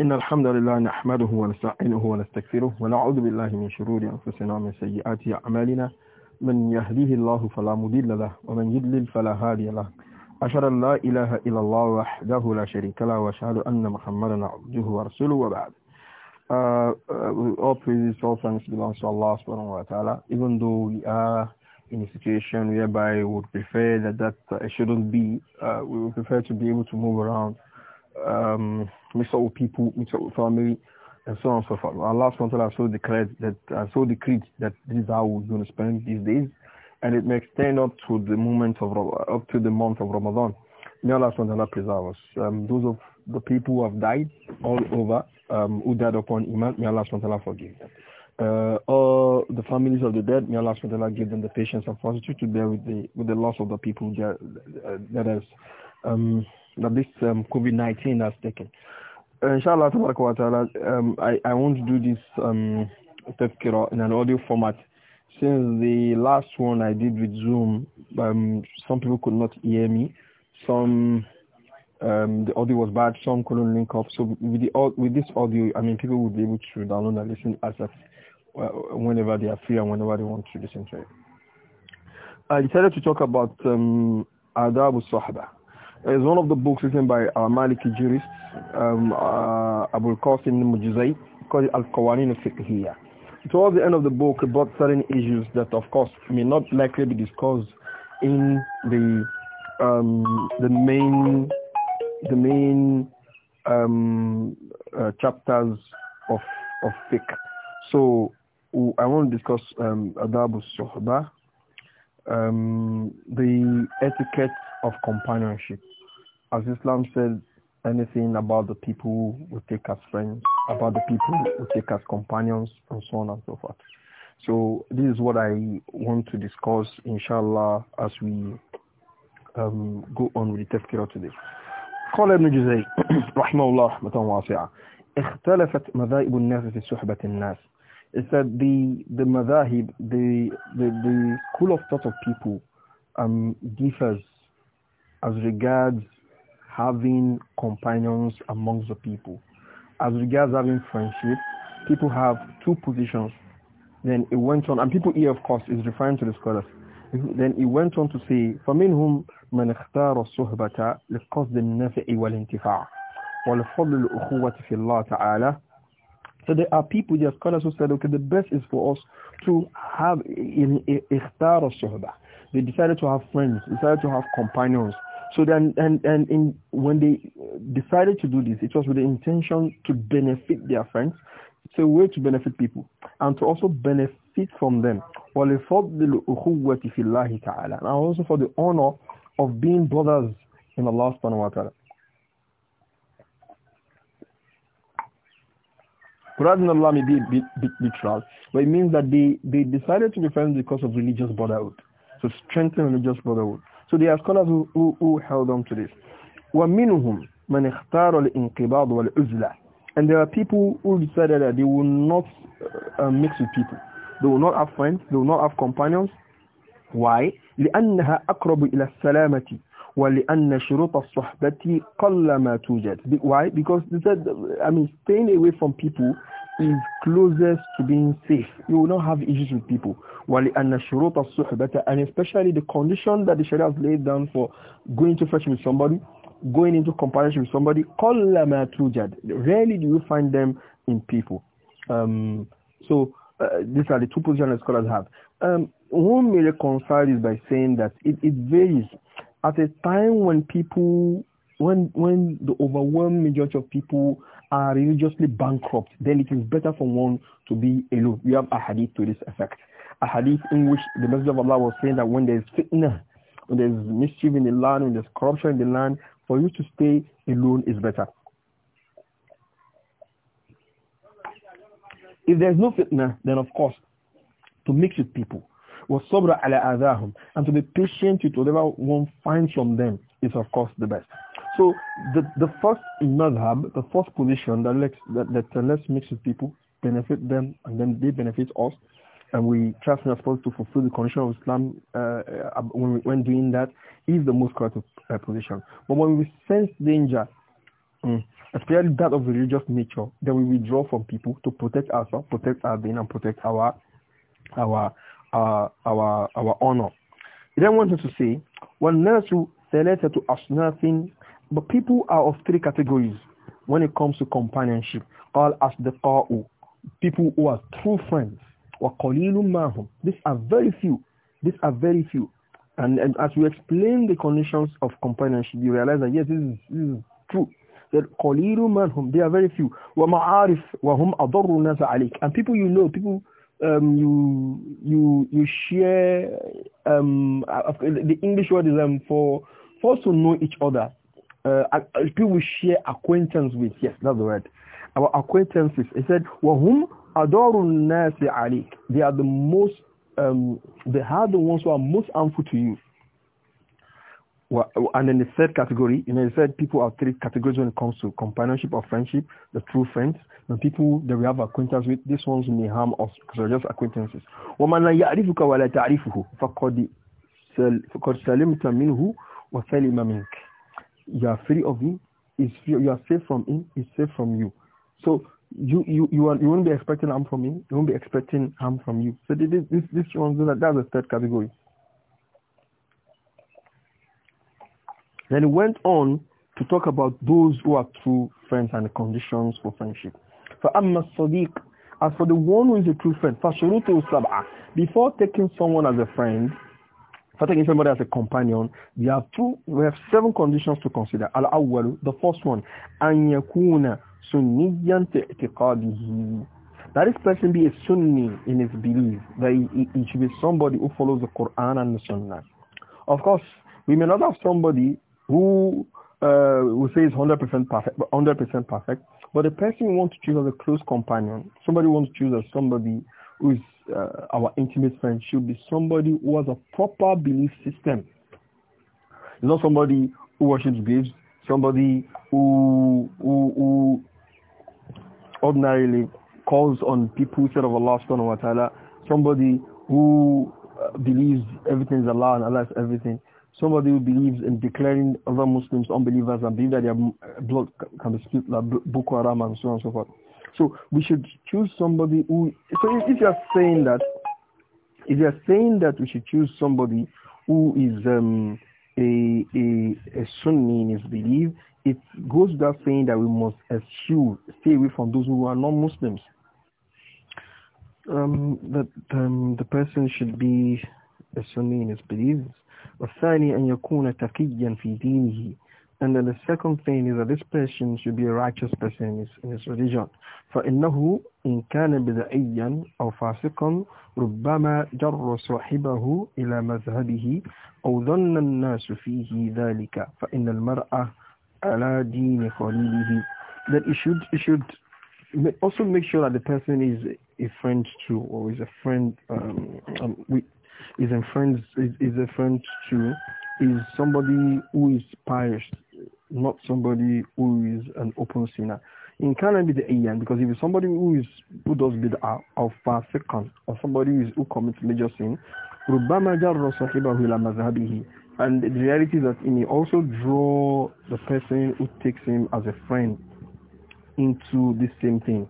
إن الحمد لله نحمده ونستعينه ونستكفره ونعوذ بالله من شرور أنفسنا ومن سيئات أعمالنا من يهديه الله فلا مضل له ومن يضلل فلا هادي له أشهد أن لا إله إلا الله وحده لا شريك له وأشهد أن محمدا عبده ورسوله وبعد Uh, uh, all praises, all thanks belongs to Allah subhanahu wa ta'ala, even though we are in a situation whereby we would prefer that that uh, shouldn't be, uh, we would prefer to be able to move around um, misal people, misal family, and so on and so forth. Allah I so declared that I so decreed that this is how we're going to spend these days, and it may extend up to the moment of up to the month of Ramadan. May Allah SWT preserve us. Um, those of the people who have died all over, um, who died upon Iman, may Allah SWT forgive them. Uh, all the families of the dead, may Allah SWT give them the patience and fortitude to bear with the with the loss of the people that, uh, that has um, that this um, COVID-19 has taken. Uh, inshallah um, I, I want to do this um in an audio format since the last one I did with Zoom um, some people could not hear me some um, the audio was bad some couldn't link up so with the with this audio I mean people would be able to download and listen as at uh, whenever they are free and whenever they want to listen to it I decided to talk about um adab sahaba it's one of the books written by our uh, Maliki jurist, um, uh, Abul Qasim Mujizai, called Al-Qawanin al-Fiqhiyya. Towards the end of the book, about certain issues that, of course, may not likely be discussed in the um, the main the main um, uh, chapters of of fiqh. So I want to discuss um, adab suhba um, the etiquette of companionship. As Islam said, anything about the people we take as friends, about the people we take as companions, and so on and so forth. So this is what I want to discuss, inshallah, as we um, go on with the tafkirah today. قال ابن جزي رحمه الله رحمة واسعة اختلفت مذاهب الناس في صحبة الناس It said the, the madhahib, the, the, the school of thought of people um, differs as regards having companions amongst the people. As regards having friendship, people have two positions. Then it went on, and people here, of course, is referring to the scholars. Then it went on to say, فَمِنْهُمْ مَنْ اخْتَارَ الصُّحْبَةَ لِقَصْدِ النَّفِعِ وَالْإِنْتِفَاعِ وَالْفَضْلِ الْأُخُوَّةِ فِي اللَّهِ تَعَالَى so there are people, there are scholars who said, okay, the best is for us to have in ikhtar They decided to have friends, decided to have companions. So then, and, and in, when they decided to do this, it was with the intention to benefit their friends. It's a way to benefit people and to also benefit from them. And also for the honor of being brothers in Allah subhanahu wa ta'ala. Allah may be a bit, but it means that they, they decided to be friends because of religious brotherhood. So strengthen religious brotherhood. So there are scholars who, who, who held on to this. وَمِنْهُمْ مَنْ اخْتَارَ الْإِنْقِبَاضُ وَالْعُزْلَةِ And there are people who decided that they will not uh, uh, mix with people. They will not have friends. They will not have companions. Why? لأنها أقرب إلى السلامة ولأن شروط الصحبة قل توجد. Why? Because they said, I mean, staying away from people is closest to being safe. You will not have issues with people. وَلِأَنَّ And especially the condition that the Sharia has laid down for going to fetch with somebody, going into comparison with somebody, قَلَّمَا تُوجَدْ Rarely do you find them in people. Um, so uh, these are the two positions scholars have. Um, one may reconcile this by saying that it, it varies. At a time when people when when the overwhelming majority of people are religiously bankrupt, then it is better for one to be alone. We have a hadith to this effect. A hadith in which the Messenger of Allah was saying that when there is fitna, when there is mischief in the land, when there is corruption in the land, for you to stay alone is better. If there is no fitna, then of course, to mix with people. وَالصَّبْرَ عَلَىٰ أَذَاهُمْ And to be patient with whatever one finds from them is of course the best. So the the first madhab, the first position that lets that, that lets mix with people, benefit them, and then they benefit us, and we trust and supposed to fulfill the condition of Islam uh, when, when doing that is the most correct uh, position. But when we sense danger, mm, especially that of religious nature, then we withdraw from people to protect ourselves, protect our being, and protect our our our our our honor. He then went on to say, "One to ثلاثة أصناف but people are of three categories when it comes to companionship. Called as the people who are true friends. These are very few. These are very few. And, and as we explain the conditions of companionship, you realize that yes, this is, this is true. That qalilu manhum, they are very few. Wa ma'arif wa hum alik. And people you know, people um, you you you share um, uh, the English word is um, for for us to know each other uh, people we share acquaintance with. Yes, that's the word. Our acquaintances. He said, وَهُمْ أَدَارُ النَّاسِ عَلِيكَ They are the most, um, they are the ones who are most harmful to you. And then the third category, you know, he said people are three categories when it comes to companionship or friendship, the true friends, the people that we have acquaintance with, these ones may harm us because they're just acquaintances. وَمَنْ يَعْرِفُكَ وَلَا تَعْرِفُهُ فَقَدْ سَلِمْتَ مِنْهُ وَسَلِمَ مِنْكَ you are free of him, is you are safe from him, is safe from you. So you you you, are, you won't be expecting harm from him, you won't be expecting harm from you. So this this this one that's the third category. Then he went on to talk about those who are true friends and the conditions for friendship. فَأَمَّا Sadiq, As for the one who is a true friend, فَشُرُوتُهُ سَبْعَةً Before taking someone as a friend, for taking somebody as a companion, we have two, we have seven conditions to consider. Al-awwalu, the first one, an yakuna sunniyan ti'tiqadihi. That this person be a Sunni in his belief, that he, he, should be somebody who follows the Quran and the Sunnah. Of course, we may not have somebody who uh, we say is 100% perfect, 100% perfect. But the person you want to choose as a close companion, somebody wants to choose as somebody who is uh, our intimate friend should be somebody who has a proper belief system. It's not somebody who worships graves, somebody who, who, who ordinarily calls on people instead of Allah subhanahu wa ta'ala, somebody who uh, believes everything is Allah and Allah is everything, somebody who believes in declaring other Muslims unbelievers and believe that their blood can be spilled like Boko Haram and so on and so forth. So we should choose somebody who. So if you are saying that, if you are saying that we should choose somebody who is um, a, a, a Sunni in his belief, it goes without saying that we must eschew, stay away from those who are non-Muslims. Um, that um, the person should be a Sunni in his beliefs. والثاني أن يكون تقيا في دينه and then the second thing is that this person should be a righteous person in his, in his religion. فَإِنَّهُ إِنْ كَانَ بِدَعِيًّا أَوْ فَاسِقًا رُبَّمَا جَرَّ صَاحِبَهُ إِلَى مَذْهَبِهِ أَوْ ظَنَّ النَّاسُ فِيهِ ذَلِكَ فَإِنَّ الْمَرْأَ عَلَى دِينِ قَلِيلِهِ That he should, he should also make sure that the person is a friend to or is a friend um, um, we, is a friend is, is a friend to is somebody who is pious not somebody who is an open sinner. In the bid'iyyan, because if it's somebody who is who does bid'ah or second or somebody who, is, who commits major sin, And the reality is that it may also draw the person who takes him as a friend into this same thing.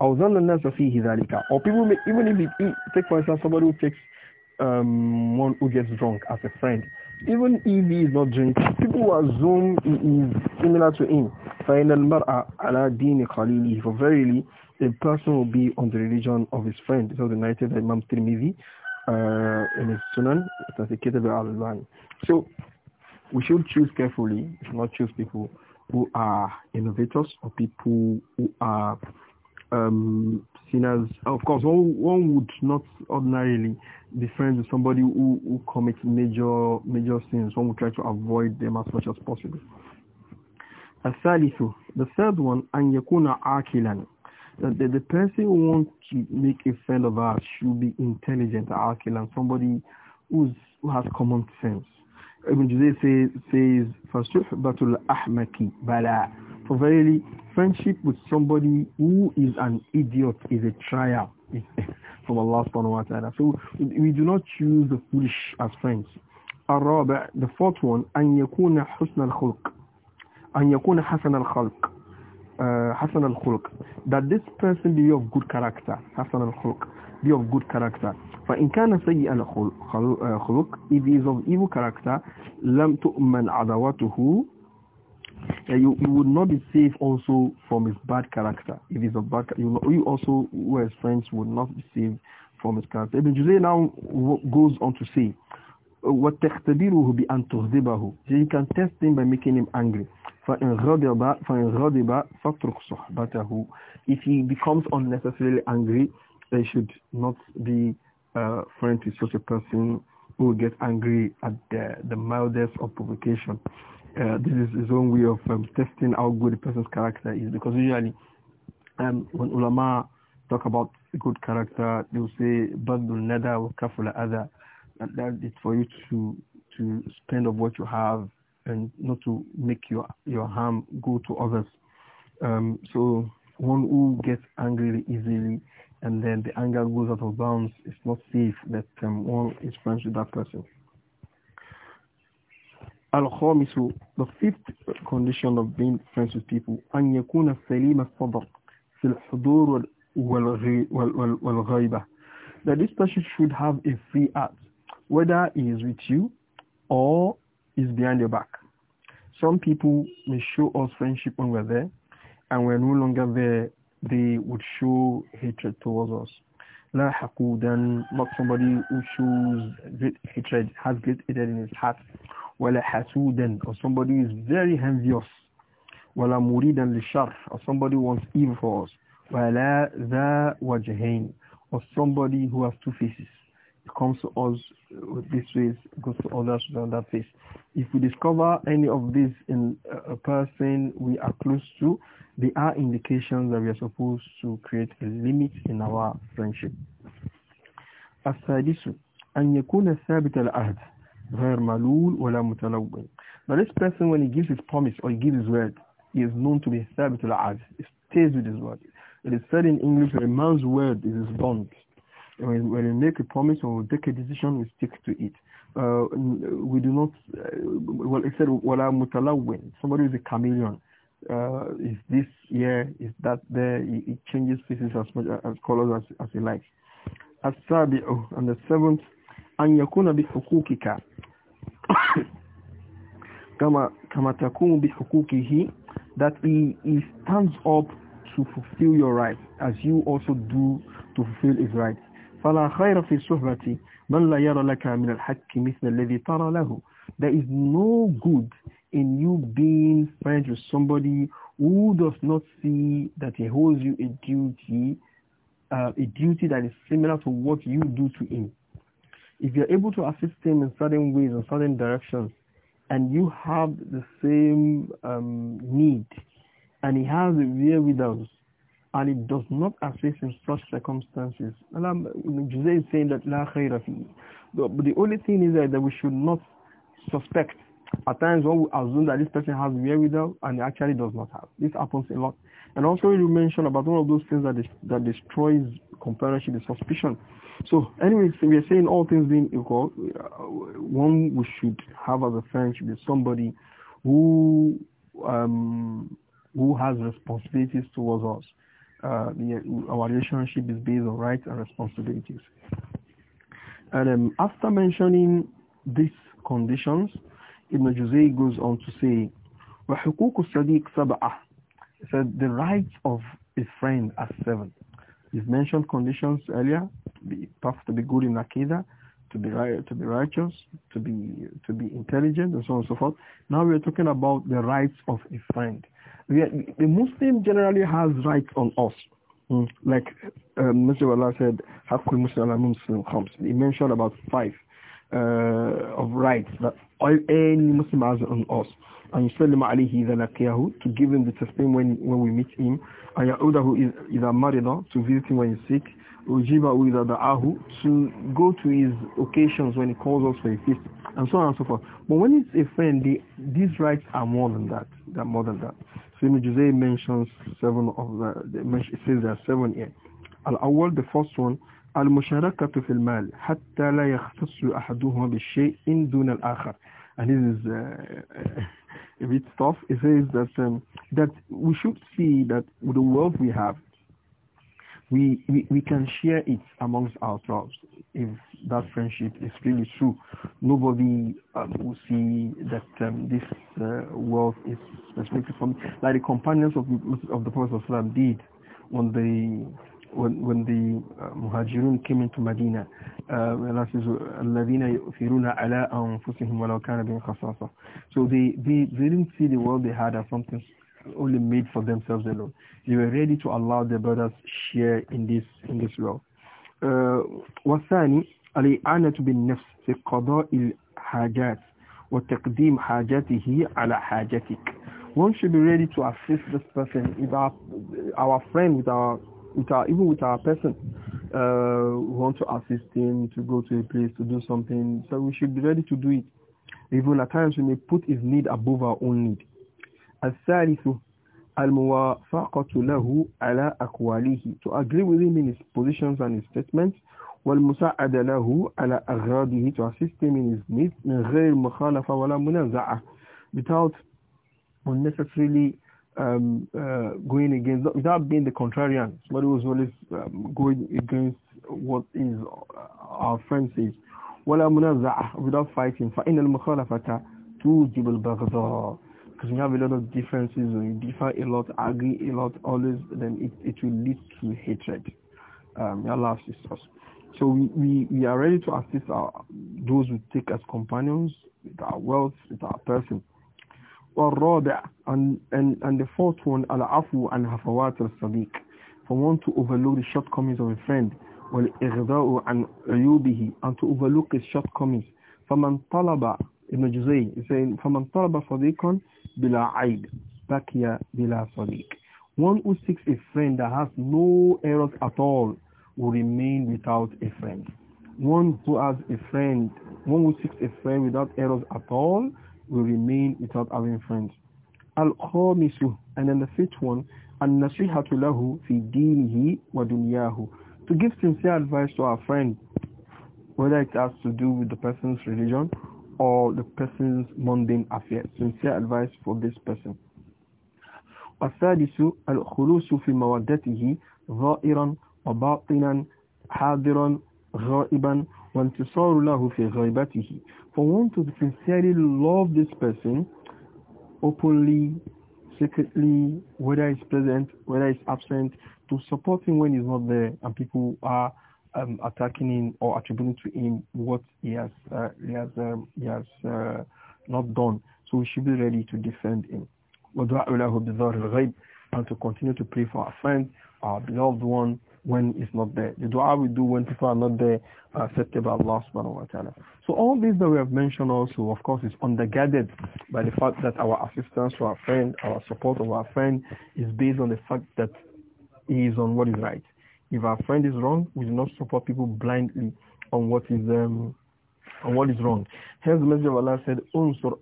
أَوْ ظَنَّ النَّاسَ فِيهِ ذَلِكَ Or people may, even if, it, take for instance somebody who takes um, one who gets drunk as a friend, even if he is not drinking, people will assume he is similar to him. فَإِنَ الْمَرْأَ عَلَى دِينِ For verily, a person will be on the religion of his friend. So the narrated by Imam Tirmidhi uh, in his Sunan, the by Al-Albani. So we should choose carefully. We should not choose people who are innovators or people who are um, as, Of course, one, would not ordinarily be friends with somebody who, who commits major major sins. One would try to avoid them as much as possible. الثالث, the third one, and يكون akilan, That the, the person who wants to make a friend of us should be intelligent, akilan, somebody who's, who has common sense. Ibn Juzay says, says For verily, friendship with somebody who is an idiot is a trial from Allah subhanahu wa ta'ala. So we do not choose the foolish as friends. الرابع the fourth one أن يكون حسن الخلق أن يكون حسن الخلق uh, حسن الخلق that this person be of good character حسن الخلق be of good character فإن كان سيء الخلق uh, if he is of evil character لم تؤمن عداوته you, you would not be safe also from his bad character. If he's a bad you, you also, who his friends, would not be safe from his character. Ibn Juzay now goes on to say, وَتَخْتَبِرُهُ بِأَنْ who You can test him by making him angry. فَإِنْ غَضِبَ فَاتْرُكْ صُحْبَتَهُ If he becomes unnecessarily angry, they should not be uh, friends with such a person who will get angry at the, the mildest of provocation uh, this is his own way of um, testing how good a person's character is because usually um, when ulama talk about good character, they will say badul nada wa kafula other. That is for you to to spend of what you have and not to make your your harm go to others. Um, so one who gets angry easily and then the anger goes out of bounds, it's not safe that um, one is friends with that person. Al-Khamisu, the fifth condition of being friends with people, أن يكون سليم الصدر في الحضور والغيبة. That this person should have a free heart, whether he is with you or is behind your back. Some people may show us friendship when we're there, and we're no longer there, they would show hatred towards us. La haqudan, not somebody who shows great hatred, has great hatred in his heart wala hasudan, or somebody who is very envious, wala muridan lishar, or somebody who wants evil for us, wala dha wajhain, or somebody who has two faces. It comes to us with uh, this face, goes to others with that face. If we discover any of this in a person we are close to, they are indications that we are supposed to create a limit in our friendship. السادس أن يكون ثابت العهد غير ملول ولا متلون Now this person when he gives his promise or he gives his word, he is known to be ثابت العهد. He stays with his word. It is said in English that a man's word is his bond. When, when make a promise or take a decision, we stick to it. Uh, we do not, uh, well, it said, وَلَا مُتَلَوِّن Somebody is a chameleon. Uh, is this here, is that there, it, changes faces as much uh, as colors as, as he likes. as and the seventh, أَنْ يَكُونَ بِحُقُوقِكَ kama kama takumu hi that he, he stands up to fulfill your right as you also do to fulfill his right فلا خير في الصحبة من لا يرى لك من الحق مثل الذي ترى له there is no good in you being friends with somebody who does not see that he holds you a duty uh, a duty that is similar to what you do to him if you're able to assist him in certain ways and certain directions, and you have the same um, need, and he has the wherewithals, and he does not assist in such circumstances. Jose is saying that la khayra fi. But the only thing is that, we should not suspect. At times when we assume that this person has wherewithal and he actually does not have. This happens a lot. And also you mentioned about one of those things that, that destroys companionship is suspicion. So anyway, so we are saying all things being equal, uh, one we should have as a friend should be somebody who um, who has responsibilities towards us. Uh, the, our relationship is based on rights and responsibilities. And um, after mentioning these conditions, Ibn Juzay goes on to say, He said, the rights of a friend are seven. We've mentioned conditions earlier, be tough, to be good in Akida, to be right, to be righteous, to be to be intelligent, and so on and so forth. Now we are talking about the rights of a friend. Are, the Muslim generally has rights on us. Hmm. Like um, uh, Mr. Wallah said, Muslim comes." He mentioned about five. Uh, of rights that any Muslim has on us. And يسلم عليه إذا لقياه to give him the testimony when, when we meet him. And يعوده a مرض to visit him when he's sick. who is إذا دعاه to go to his occasions when he calls us for a feast and so on and so forth. But when it's a friend, they, these rights are more than that. They're more than that. So Ibn Juzay mentions seven of the, the it says there are seven here. Al-Awwal, the first one, المشاركة في المال حتى لا يختص أحدهما بالشيء دون الآخر and this is uh, a bit tough it says that um, that we should see that the wealth we have we, we, we can share it amongst ourselves if that friendship is really true. Nobody um, will see that um, this uh, wealth is specifically from like the companions of, of the Prophet did when they when, when the uh, Muhajirun came into Medina, uh, Allah says, الَّذِينَ يُؤْثِرُونَ عَلَىٰ أَنفُسِهِمْ وَلَوْ كَانَ بِهِمْ خَصَاصَةً So they, they, they didn't see the world they had as something only made for themselves alone. They were ready to allow their brothers share in this in this world. والثاني الإعانة بالنفس في قضاء الحاجات وتقديم حاجته على حاجتك. One should be ready to assist this person, if our, our friend with our with our even with our person uh, we want to assist him to go to a place to do something so we should be ready to do it even at times we may put his need above our own need الثالث الموافقة lahu على أقواله to agree with him in his positions and his statements والمساعدة له على أغراضه to assist him in his needs من غير مخالفة ولا منازعة without unnecessarily um, uh, going against, without being the contrarian, it was always um, going against what is uh, our friend says. ولا منازع without fighting فإن المخالفة توجب البغضاء because we have a lot of differences and we differ a lot, agree a lot, always then it, it will lead to hatred. Um, Allah assists us. So we, we, we are ready to assist our, those who take as companions with our wealth, with our person. والرابع and, and, and the fourth one العفو عن هفوات الصديق for one to overlook the shortcomings of a friend والإغضاء عن عيوبه and to overlook his shortcomings فمن طلب ابن جزي saying فمن طلب صديقا بلا عيب بكي بلا صديق one who seeks a friend that has no errors at all will remain without a friend one who has a friend one who seeks a friend without errors at all will remain without having friends. Al-Khamisu, and then the fifth one, An-Nasihatu lahu fi dinihi wa dunyahu. To give sincere advice to our friend, whether it has to do with the person's religion or the person's mundane affairs. Sincere advice for this person. السادس الخلوص في مودته ظاهرا وباطنا حاضرا غائبا وانتصار له في غيبته for one to sincerely love this person openly secretly whether he's present whether he's absent to support him when he's not there and people are um, attacking him or attributing to him what he has uh, he has um, he has uh, not done so we should be ready to defend him and to continue to pray for our friend our beloved one when it's not there. The dua we do when people are not there are accepted by Allah subhanahu wa ta'ala. So all these that we have mentioned also, of course, is undergirded by the fact that our assistance to our friend, our support of our friend is based on the fact that he is on what is right. If our friend is wrong, we do not support people blindly on what is um, on what is wrong. Hence the Messenger of Allah said, Unsur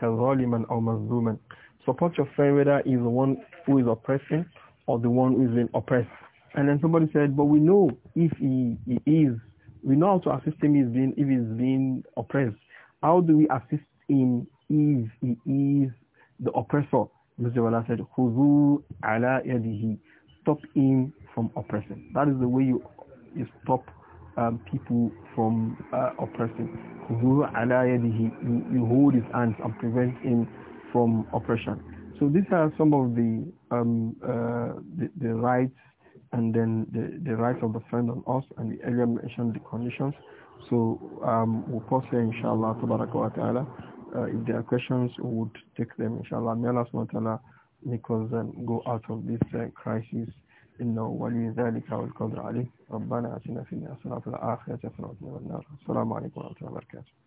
zaliman aw mazluman. Support your friend whether he is the one who is oppressing or the one who is being oppressed. And then somebody said, but we know if he, he is, we know how to assist him if being, if he's being oppressed. How do we assist him if he is the oppressor? Mr. Wala said, Huzu ala yadihi. Stop him from oppressing. That is the way you, you stop um, people from uh, oppressing. Huzu ala yadihi. You, hold his hands and prevent him from oppression. So these are some of the um, uh, the, the rights and then the, the rights of the friend on us, and we earlier mentioned the conditions. So um, we'll pause here, inshallah, wa ta'ala. Uh, if there are questions, we would take them, inshallah. May Allah subhanahu wa ta'ala make us then um, go out of this uh, crisis. إنه ولي ذلك والقدر عليه ربنا أتنا في الدنيا حسنة وفي الآخرة حسنة وقنا النار السلام عليكم ورحمة الله وبركاته